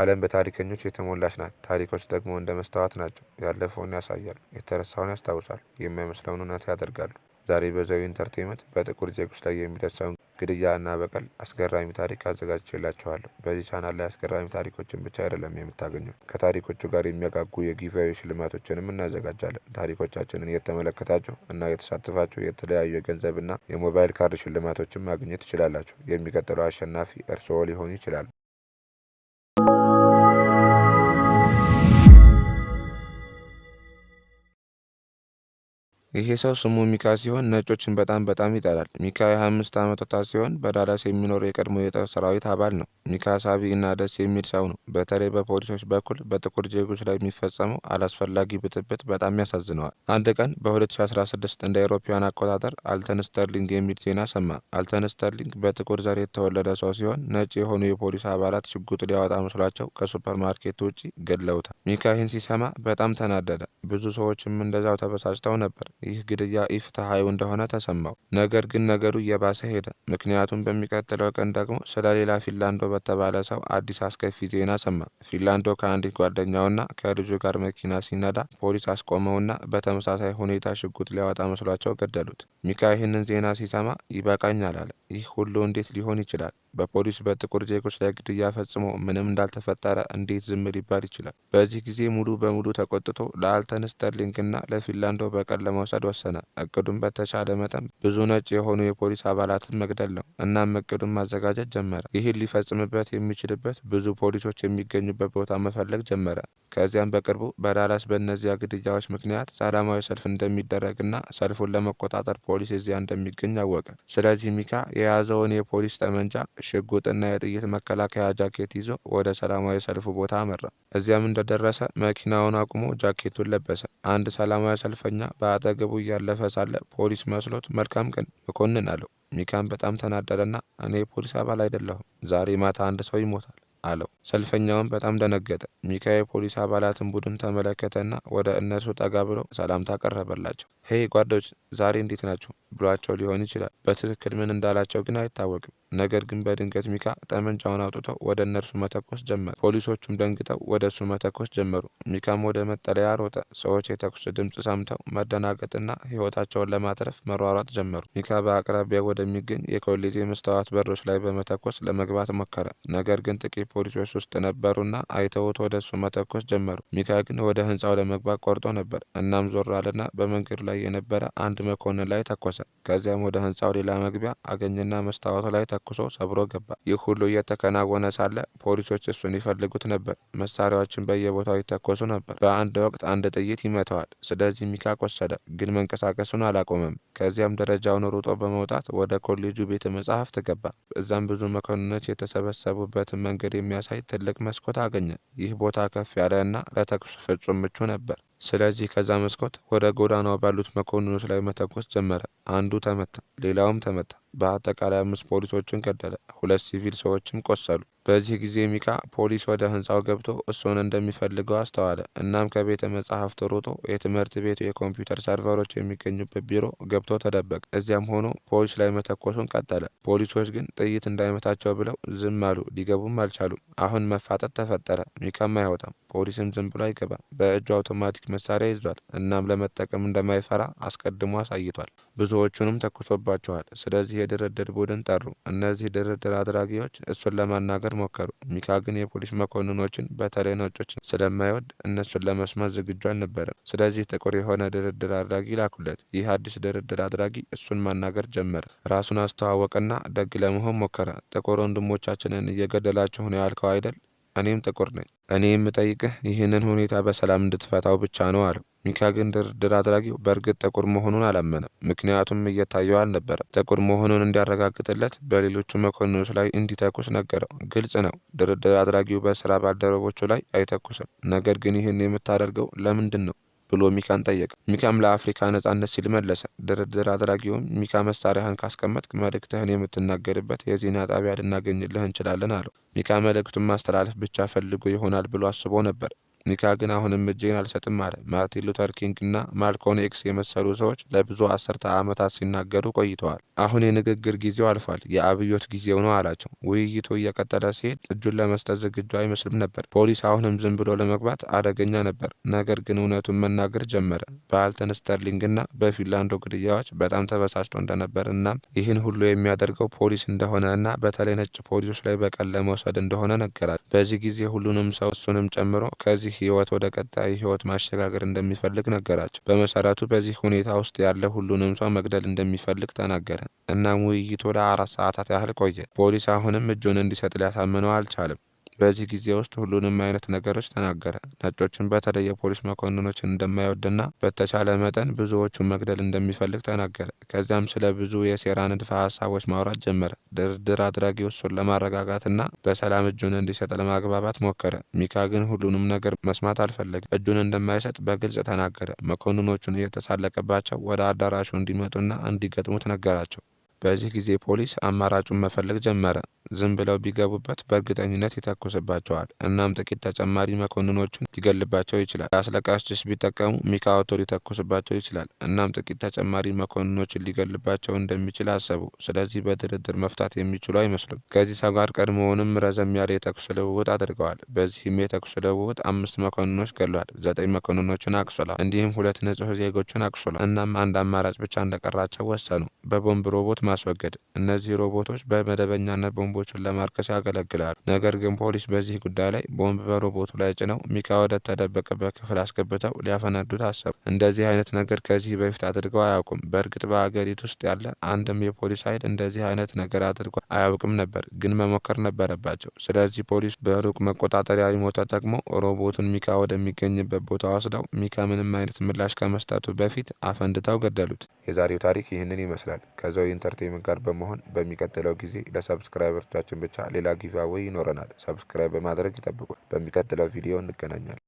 ዓለም በታሪከኞች የተሞላች ናት። ታሪኮች ደግሞ እንደ መስታወት ናቸው። ያለፈውን ያሳያሉ፣ የተረሳውን ያስታውሳሉ፣ የማይመስለውን እውነት ያደርጋሉ። ዛሬ በዘዊ ኢንተርቴንመንት በጥቁር ዜጎች ላይ የሚደርሰውን ግድያ እና በቀል አስገራሚ ታሪክ አዘጋጅቼላችኋለሁ። በዚህ ቻናል ላይ አስገራሚ ታሪኮችን ብቻ አይደለም የምታገኙት፣ ከታሪኮቹ ጋር የሚያጋጉ የጊዜያዊ ሽልማቶችንም እናዘጋጃለን። ታሪኮቻችንን እየተመለከታችሁ እና የተሳተፋችሁ የተለያዩ የገንዘብና የሞባይል ካርድ ሽልማቶችን ማግኘት ትችላላችሁ። የሚቀጥለው አሸናፊ እርስዎ ሊሆኑ ይችላሉ። ይሄ ሰው ስሙ ሚካ ሲሆን ነጮችን በጣም በጣም ይጠላል። ሚካ የ25 ወጣት ሲሆን በዳላስ የሚኖር የቀድሞ የጦር ሰራዊት አባል ነው። ሚካ ሳቢ እና ደስ የሚል ሰው ነው። በተለይ በፖሊሶች በኩል በጥቁር ዜጎች ላይ የሚፈጸመው አላስፈላጊ ብጥብጥ በጣም ያሳዝነዋል። አንድ ቀን በ2016 እንደ አውሮፓውያን አቆጣጠር አልተን ስተርሊንግ የሚል ዜና ሰማ። አልተን ስተርሊንግ በጥቁር ዘር የተወለደ ሰው ሲሆን ነጭ የሆኑ የፖሊስ አባላት ሽጉጥ ሊያወጣ መስሏቸው ከሱፐርማርኬት ውጪ ገለውታል። ሚካ ይህን ሲሰማ በጣም ተናደደ። ብዙ ሰዎችም እንደዛው ተበሳጭተው ነበር። ይህ ግድያ ኢፍትሐዊ እንደሆነ ተሰማው። ነገር ግን ነገሩ እየባሰ ሄደ። ምክንያቱም በሚቀጥለው ቀን ደግሞ ስለ ሌላ ፊንላንዶ በተባለ ሰው አዲስ አስከፊ ዜና ሰማ። ፊንላንዶ ከአንዲት ጓደኛውና ከልጁ ጋር መኪና ሲነዳ ፖሊስ አስቆመውና በተመሳሳይ ሁኔታ ሽጉጥ ሊያወጣ መስሏቸው ገደሉት። ሚካ ይህንን ዜና ሲሰማ ይበቃኛል አለ። ይህ ሁሉ እንዴት ሊሆን ይችላል? በፖሊስ በጥቁር ዜጎች ላይ ግድያ ፈጽሞ ምንም እንዳልተፈጠረ እንዴት ዝም ሊባል ይችላል? በዚህ ጊዜ ሙሉ በሙሉ ተቆጥቶ ለአልተን ስተርሊንግና ለፊንላንዶ በቀል ለመውሰድ ወሰነ። እቅዱም በተቻለ መጠን ብዙ ነጭ የሆኑ የፖሊስ አባላትን መግደል ነው። እናም እቅዱን ማዘጋጀት ጀመረ። ይህን ሊፈጽምበት የሚችልበት ብዙ ፖሊሶች የሚገኙበት ቦታ መፈለግ ጀመረ። ከዚያም በቅርቡ በዳላስ በእነዚያ ግድያዎች ምክንያት ሰላማዊ ሰልፍ እንደሚደረግና ሰልፉን ለመቆጣጠር ፖሊስ እዚያ እንደሚገኝ አወቀ። ስለዚህ ሚካ የያዘውን የፖሊስ ጠመንጃ ሽጉጥና የጥይት መከላከያ ጃኬት ይዞ ወደ ሰላማዊ ሰልፉ ቦታ አመራ። እዚያም እንደደረሰ መኪናውን አቁሞ ጃኬቱን ለበሰ። አንድ ሰላማዊ ሰልፈኛ በአጠገቡ እያለፈ ሳለ ፖሊስ መስሎት መልካም ቀን መኮንን አለው። ሚካም በጣም ተናደደና እኔ የፖሊስ አባል አይደለሁም፣ ዛሬ ማታ አንድ ሰው ይሞታል አለው። ሰልፈኛውም በጣም ደነገጠ። ሚካ የፖሊስ አባላትን ቡድን ተመለከተና ወደ እነርሱ ጠጋ ብሎ ሰላምታ አቀረበላቸው። ሄይ ጓዶች ዛሬ እንዴት ናችሁ ብሏቸው ሊሆን ይችላል። በትክክል ምን እንዳላቸው ግን አይታወቅም። ነገር ግን በድንገት ሚካ ጠመንጃውን አውጥተው ወደ እነርሱ መተኮስ ጀመረ። ፖሊሶቹም ደንግጠው ወደ እሱ መተኮስ ጀመሩ። ሚካም ወደ መጠለያ ሮጠ። ሰዎች የተኩስ ድምፅ ሰምተው መደናገጥና ሕይወታቸውን ለማትረፍ መሯሯጥ ጀመሩ። ሚካ በአቅራቢያ ወደሚገኝ የኮሌጅ የመስታወት በሮች ላይ በመተኮስ ለመግባት ሞከረ። ነገር ግን ጥቂት ፖሊሶች ውስጥ ነበሩና አይተውት ወደ እሱ መተኮስ ጀመሩ። ሚካ ግን ወደ ህንፃው ለመግባት ቆርጦ ነበር። እናም ዞር አለና በመንገዱ ላይ የነበረ አንድ መኮንን ላይ ተኮሰ። ከዚያም ወደ ህንፃው ሌላ መግቢያ አገኘና መስታወቱ ላይ ተኩሶ ሰብሮ ገባ። ይህ ሁሉ እየተከናወነ ሳለ ፖሊሶች እሱን ይፈልጉት ነበር። መሳሪያዎችን በየቦታው ይተኮሱ ነበር። በአንድ ወቅት አንድ ጥይት ይመተዋል። ስለዚህ ሚካ ቆሰደ፣ ግን መንቀሳቀሱን አላቆመም። ከዚያም ደረጃውን ሩጦ በመውጣት ወደ ኮሌጁ ቤተ መጽሐፍት ገባ። እዛም ብዙ መኮንኖች የተሰበሰቡበትን መንገድ የሚያሳይ ትልቅ መስኮት አገኘ። ይህ ቦታ ከፍ ያለ እና ለተኩስ ፍጹም ምቹ ነበር። ስለዚህ ከዛ መስኮት ወደ ጎዳናው ባሉት መኮንኖች ላይ መተኮስ ጀመረ። አንዱ ተመታ፣ ሌላውም ተመታ። በአጠቃላይ አምስት ፖሊሶችን ገደለ፣ ሁለት ሲቪል ሰዎችም ቆሰሉ። በዚህ ጊዜ ሚካ ፖሊስ ወደ ህንፃው ገብቶ እሱን እንደሚፈልገው አስተዋለ። እናም ከቤተ መጻሕፍት ሮጦ የትምህርት ቤቱ የኮምፒውተር ሰርቨሮች የሚገኙበት ቢሮ ገብቶ ተደበቀ። እዚያም ሆኖ ፖሊስ ላይ መተኮሱን ቀጠለ። ፖሊሶች ግን ጥይት እንዳይመታቸው ብለው ዝም አሉ፣ ሊገቡም አልቻሉም። አሁን መፋጠጥ ተፈጠረ። ሚካም አይወጣም፣ ፖሊስም ዝም ብሎ አይገባም። በእጁ አውቶማቲክ መሳሪያ ይዟል። እናም ለመጠቀም እንደማይፈራ አስቀድሞ አሳይቷል። ብዙዎቹንም ተኩሶባቸዋል። ስለዚህ የድርድር ቡድን ጠሩ። እነዚህ ድርድር አድራጊዎች እሱን ለማናገር ሞከሩ። ሚካ ግን የፖሊስ መኮንኖችን በተለይ ነጮችን ስለማይወድ እነሱን ለመስማት ዝግጁ አልነበረም። ስለዚህ ጥቁር የሆነ ድርድር አድራጊ ላኩለት። ይህ አዲስ ድርድር አድራጊ እሱን ማናገር ጀመረ። ራሱን አስተዋወቀና ደግ ለመሆን ሞከረ። ጥቁር ወንድሞቻችንን እየገደላችሁ ነው ያልከው አይደል? እኔም ጥቁር ነኝ። እኔ የምጠይቅህ ይህንን ሁኔታ በሰላም እንድትፈታው ብቻ ነው አለው። ሚካ ግን ድርድር አድራጊው በእርግጥ ጥቁር መሆኑን አላመነም። ምክንያቱም እየታየው አልነበረም። ጥቁር መሆኑን እንዲያረጋግጥለት በሌሎቹ መኮንኖች ላይ እንዲተኩስ ነገረው። ግልጽ ነው፣ ድርድር አድራጊው በስራ ባልደረቦቹ ላይ አይተኩስም። ነገር ግን ይህን የምታደርገው ለምንድን ነው? ብሎ ሚካን ጠየቀ። ሚካም ለአፍሪካ ነጻነት ሲል መለሰ። ድርድር አድራጊውም ሚካ መሳሪያህን ካስቀመጥክ መልእክትህን የምትናገርበት የዜና ጣቢያ ልናገኝልህ እንችላለን አለው። ሚካ መልእክቱን ማስተላለፍ ብቻ ፈልጎ ይሆናል ብሎ አስቦ ነበር። ኒካ ግን አሁንም እጄን አልሰጥም አለ። ማርቲን ሉተር ኪንግ እና ማልኮን ኤክስ የመሰሉ ሰዎች ለብዙ አስርተ ዓመታት ሲናገሩ ቆይተዋል። አሁን የንግግር ጊዜው አልፏል፣ የአብዮት ጊዜው ነው አላቸው። ውይይቱ እየቀጠለ ሲሄድ እጁን ለመስጠት ዝግጁ አይመስልም ነበር። ፖሊስ አሁንም ዝም ብሎ ለመግባት አደገኛ ነበር። ነገር ግን እውነቱን መናገር ጀመረ። በአልተን ስተርሊንግ እና በፊንላንዶ ግድያዎች በጣም ተበሳጭቶ እንደነበር እናም ይህን ሁሉ የሚያደርገው ፖሊስ እንደሆነ እና በተለይ ነጭ ፖሊሶች ላይ በቀል ለመውሰድ እንደሆነ ነገራል። በዚህ ጊዜ ሁሉንም ሰው እሱንም ጨምሮ ከዚህ ህይወት ወደ ቀጣይ ህይወት ማሸጋገር እንደሚፈልግ ነገራቸው። በመሰረቱ በዚህ ሁኔታ ውስጥ ያለ ሁሉንም ሰው መግደል እንደሚፈልግ ተናገረ። እናም ውይይቱ ለአራት ሰዓታት ያህል ቆየ። ፖሊስ አሁንም እጁን እንዲሰጥ ሊያሳምነው አልቻለም። በዚህ ጊዜ ውስጥ ሁሉንም አይነት ነገሮች ተናገረ። ነጮችን በተለይ የፖሊስ መኮንኖችን እንደማይወድና በተቻለ መጠን ብዙዎቹን መግደል እንደሚፈልግ ተናገረ። ከዚያም ስለ ብዙ የሴራ ንድፈ ሀሳቦች ማውራት ጀመረ። ድርድር አድራጊው እሱን ለማረጋጋትና በሰላም እጁን እንዲሰጥ ለማግባባት ሞከረ። ሚካ ግን ሁሉንም ነገር መስማት አልፈለገ እጁን እንደማይሰጥ በግልጽ ተናገረ። መኮንኖቹን እየተሳለቀባቸው ወደ አዳራሹ እንዲመጡና እንዲገጥሙት ነገራቸው። በዚህ ጊዜ ፖሊስ አማራጩን መፈለግ ጀመረ። ዝም ብለው ቢገቡበት በእርግጠኝነት ይተኩስባቸዋል። እናም ጥቂት ተጨማሪ መኮንኖችን ሊገልባቸው ይችላል። አስለቃሽ ጭስ ቢጠቀሙ ሚካወቶ ሊተኩስባቸው ይችላል። እናም ጥቂት ተጨማሪ መኮንኖችን ሊገልባቸው እንደሚችል አሰቡ። ስለዚህ በድርድር መፍታት የሚችሉ አይመስሉም። ከዚህ ሰው ጋር ቀድሞውንም ረዘም ያለ የተኩስ ልውውጥ አድርገዋል። በዚህም የተኩስ ልውውጥ አምስት መኮንኖች ገሏል፣ ዘጠኝ መኮንኖችን አቁስሏል፣ እንዲሁም ሁለት ንጹህ ዜጎችን አቁስሏል። እናም አንድ አማራጭ ብቻ እንደቀራቸው ወሰኑ። በቦምብ ሮቦት ማስወገድ። እነዚህ ሮቦቶች በመደበኛነት ቦምቦችን ለማርከስ ያገለግላሉ። ነገር ግን ፖሊስ በዚህ ጉዳይ ላይ ቦምብ በሮቦቱ ላይ ጭነው ሚካ ወደ ተደበቀበት ክፍል አስገብተው ሊያፈነዱት አሰቡ። እንደዚህ አይነት ነገር ከዚህ በፊት አድርገው አያውቁም። በእርግጥ በሀገሪቱ ውስጥ ያለ አንድም የፖሊስ ኃይል እንደዚህ አይነት ነገር አድርጎ አያውቅም ነበር፣ ግን መሞከር ነበረባቸው። ስለዚህ ፖሊስ በሩቅ መቆጣጠሪያ ሪሞት ተጠቅሞ ሮቦቱን ሚካ ወደሚገኝበት ቦታ ወስደው ሚካ ምንም አይነት ምላሽ ከመስጠቱ በፊት አፈንድተው ገደሉት። የዛሬው ታሪክ ይህንን ይመስላል። ከዘው ኢንተር ኢንተርቴይመንት ጋር በመሆን በሚቀጥለው ጊዜ ለሰብስክራይበርቻችን ብቻ ሌላ ጊቫዌይ ይኖረናል። ሰብስክራይብ በማድረግ ይጠብቁ። በሚቀጥለው ቪዲዮ እንገናኛለን።